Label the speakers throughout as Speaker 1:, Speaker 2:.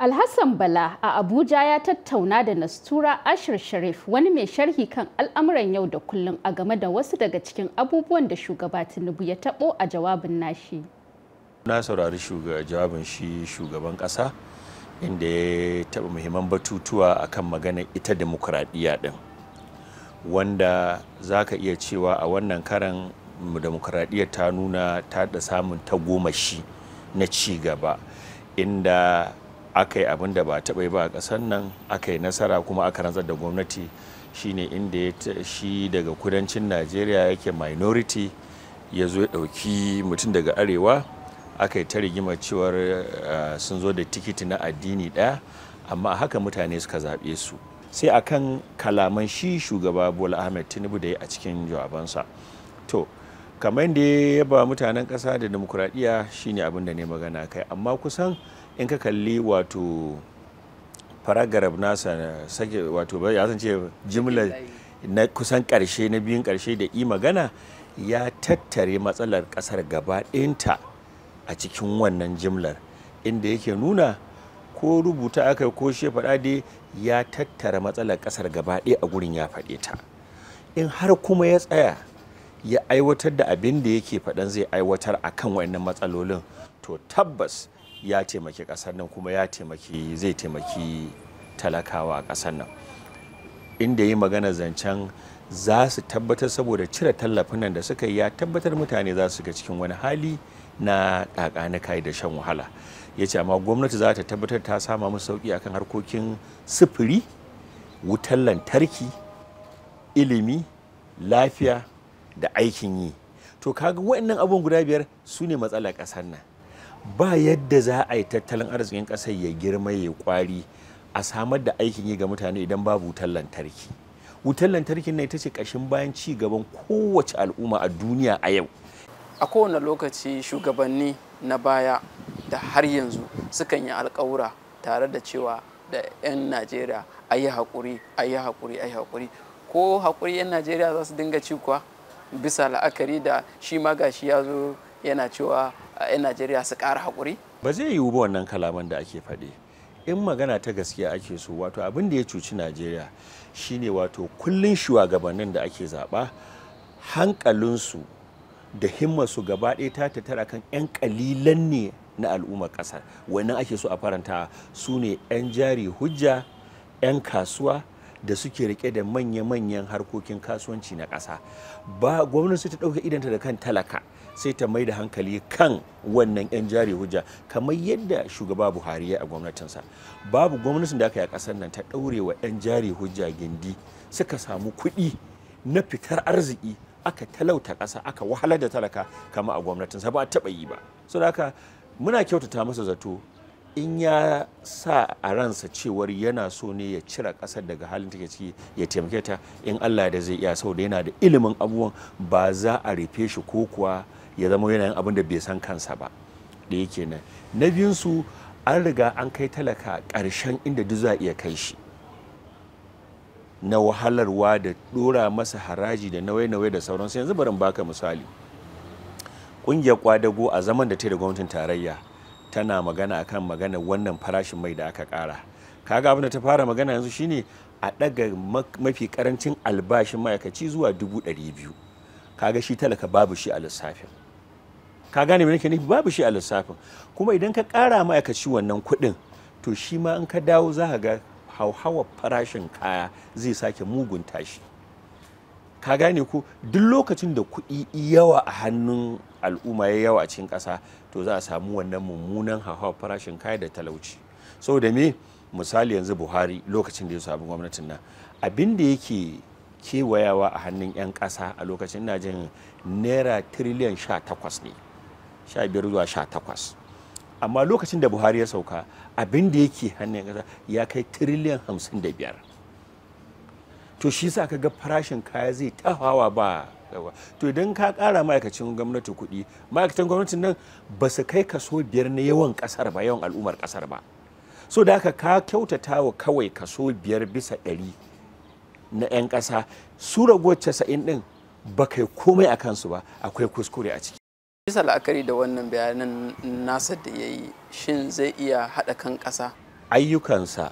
Speaker 1: Alhassan Bala a Abuja ya tattauna da Nastura Ashir Sharif wani mai sharhi kan al'amuran yau da kullum a game da wasu daga cikin abubuwan da shugaba Tinubu ya tabo a jawabin nashi. Na saurari jawabin shi shugaban ƙasa inda ya taɓa muhimman batutuwa akan maganar ita demokuraɗiyya ɗin. Wanda za ka iya cewa a wannan karan demokuraɗiyya ta nuna ta da samun shi na ci gaba inda aka yi abin da ba taɓa yi ba a ƙasar nan aka yi nasara kuma aka rantsar da gwamnati shine inda shi daga kudancin najeriya yake minority ya zo ya ɗauki mutum daga arewa aka yi ta rigima cewar eh, sun zo da tikiti na addini ɗaya amma a haka mutane suka zaɓe su sai akan kalaman shi shugaba bola ahmed tinubu da ya a cikin jawabansa to kamar da ya ba mutanen ƙasa da demokuraɗiyya shine abin da ne magana kai amma kusan in ka kalli wato paragraph nasa sake wato ya san ce jimlar na kusan karshe na biyun karshe da i magana ya tattare matsalar kasar gaba ɗinta a cikin wannan jimlar inda yake nuna ko rubuta aka ko shi faɗa dai ya tattara matsalar kasar gaba ɗaya a gurin ya faɗe ta in har kuma ya tsaya ya aiwatar da abin da yake faɗan zai aiwatar akan wannan matsalolin to tabbas ya taimaki ƙasar nan kuma ya taimaki zai taimaki talakawa a ƙasar nan inda yi magana zancen za su tabbatar saboda cire tallafin nan da suka yi ya tabbatar mutane za su ga cikin wani hali na ƙaƙanikai da shan wahala ya ce amma gwamnati za ta tabbatar ta sama musu sauƙi akan harkokin sufuri wutar lantarki ilimi lafiya da aikin yi to kaga waɗannan abubuwan guda biyar su ne matsalar ƙasar nan ba yadda za a yi tattalin arzikin ƙasar ya girma ya kwari a samar da aikin yi ga mutane idan babu wutar lantarki wutar lantarki na ita ce ƙashin bayan ci gaban kowace al'umma a duniya a yau a kowane lokaci shugabanni na baya da har yanzu sukan yi alkawura tare da cewa da 'yan najeriya a yi haƙuri a yi haƙuri a yi haƙuri ko haƙuri 'yan najeriya za su dinga ci kuwa bisa la'akari da shi ma gashi ya zo yana cewa 'yan najeriya su kara hakuri. ba zai yiwu ba wannan kalaman da ake faɗi in magana ta gaskiya ake so wato abin da ya cuci najeriya shine wato kullun shugabannin da ake zaɓa hankalinsu da su gaba ɗaya ta tattara kan 'yan ƙalilan ne na al'ummar ƙasar wannan ake so a faranta su ne 'yan jari hujja 'yan kasuwa da suke rike da manya-manyan harkokin kasuwanci na ƙasa ba gwamnati ta ɗauka idanta da kan talaka sai ta mai da hankali kan wannan 'yan jari hujja kamar yadda shugaba buhari ya a gwamnatinsa babu gwamnatin da aka yi a ƙasar nan ta ɗaure wa 'yan jari hujja gindi suka samu kuɗi na fitar arziki aka talauta ƙasa aka wahalar da talaka kama a gwamnatinsa ba a taɓa yi ba so haka muna kyautata masa zato in ya sa a ransa cewar yana so ne ya cire ƙasar daga halin take ciki ya taimake ta in Allah da zai iya saboda yana da ilimin abubuwan ba za a rufe shi ko kuwa ya zama yana yin abin da bai san kansa ba da yake nan na biyun su an riga an kai talaka ƙarshen inda duk za a iya kai shi na wahalarwa da ɗora masa haraji da nauye-nauye da sauransu yanzu barin baka misali ƙungiyar kwadago a zaman da ta da gwamnatin tarayya tana magana akan magana wannan farashin mai da aka kara kaga abin da ta fara magana yanzu shine a daga mafi karancin albashin ma'aikaci zuwa dubu ɗari biyu kaga shi talaka babu shi a lissafin ka gane me nake nufi babu shi a lissafin kuma idan ka kara ma'aikaci wannan kuɗin to shi ma in ka dawo za ka ga hauhawar farashin kaya zai sake mugun tashi ka gane ku duk lokacin da kuɗi yawa a hannun al'umma ya yawa a cikin ƙasa to za a samu wannan mummunan hauhawar farashin kaya da talauci da me misali yanzu buhari lokacin da ya samu gwamnatin nan abin da yake kewayawa a hannun 'yan ƙasa a lokacin na jin naira tiriliyan sha takwas ne sha biyar zuwa sha takwas amma lokacin da buhari ya sauka abin da yake hannun ƙasa ya kai tiriliyan hamsin da biyar to shi sa ka ga farashin kaya zai tahawa ba yawa to idan ka kara ma'aikacin gwamnati kuɗi ma'aikatan gwamnati nan ba su kai kaso biyar na yawan ƙasar ba yawan al'ummar kasar ba so da aka ka kyautata wa kawai kaso biyar bisa ɗari na 'yan ƙasa su ragowar casa'in ɗin ba kai komai a kansu ba akwai kuskure a ciki bisa la'akari da wannan bayanan nasa da ya yi shin zai iya haɗa kan ƙasa ayyukansa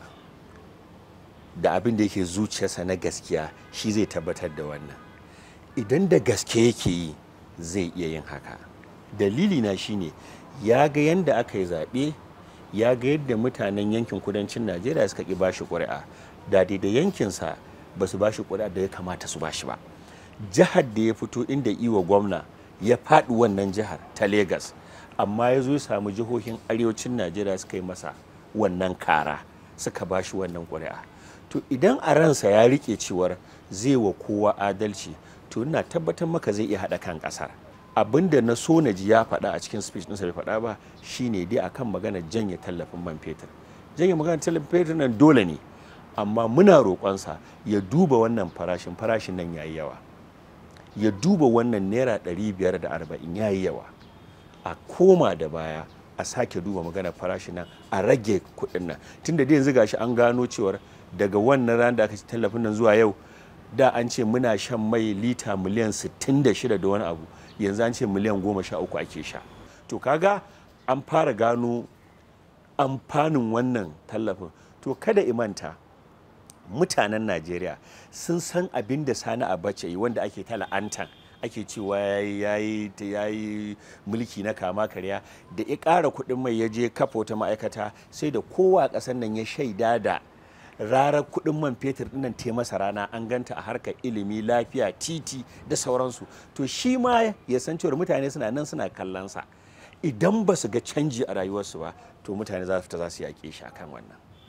Speaker 1: da abin da yake zuciyarsa na gaskiya shi zai tabbatar da wannan idan da gaske yake yi zai iya yin haka dalili na shine ya ga yadda aka yi zaɓe ya ga yadda mutanen yankin kudancin najeriya suka ƙi bashi ƙuri'a da da yankinsa ba su bashi ƙuri'a da ya kamata su bashi ba jihar da ya fito inda iwa gwamna ya faɗi wannan jihar ta Legas amma ya zo ya samu jihohin arewacin Najeriya suka yi masa wannan kara suka bashi wannan ƙuri'a to idan a ransa ya rike cewar zai wa kowa adalci to ina tabbatar maka zai iya haɗa kan kasar abin da na so na ji ya faɗa a cikin speech ɗinsa bai faɗa ba shine dai akan magana janya tallafin man fetur janye magana tallafin fetur nan dole ne amma muna roƙonsa ya duba wannan farashin farashin nan yayi yawa ya duba wannan naira ɗari biyar da arba'in yayi yawa a koma da baya a sake duba magana farashin nan a rage kuɗin nan tunda dai yanzu gashi an gano cewar daga wannan ran da aka ci tallafin nan zuwa yau da an ce muna shan mai lita miliyan 66 da wani abu yanzu an ce miliyan 13 ake sha to kaga an fara gano amfanin wannan tallafin to kada imanta mutanen najeriya sun san abin da sani abacha yi wanda ake tala'antan ake cewa ya yi mulki na kama karya da ya ƙara kuɗin mai ya je kafa wata ma'aikata sai da kowa ƙasan nan ya shaida da rarar kudin man fetur dinnan te masa rana an ganta a harkar ilimi lafiya titi da sauransu to shi ma ya san cewa mutane suna nan suna kallonsa idan ba su ga canji a rayuwarsu ba to mutane za su ta za su yaƙe shi akan wannan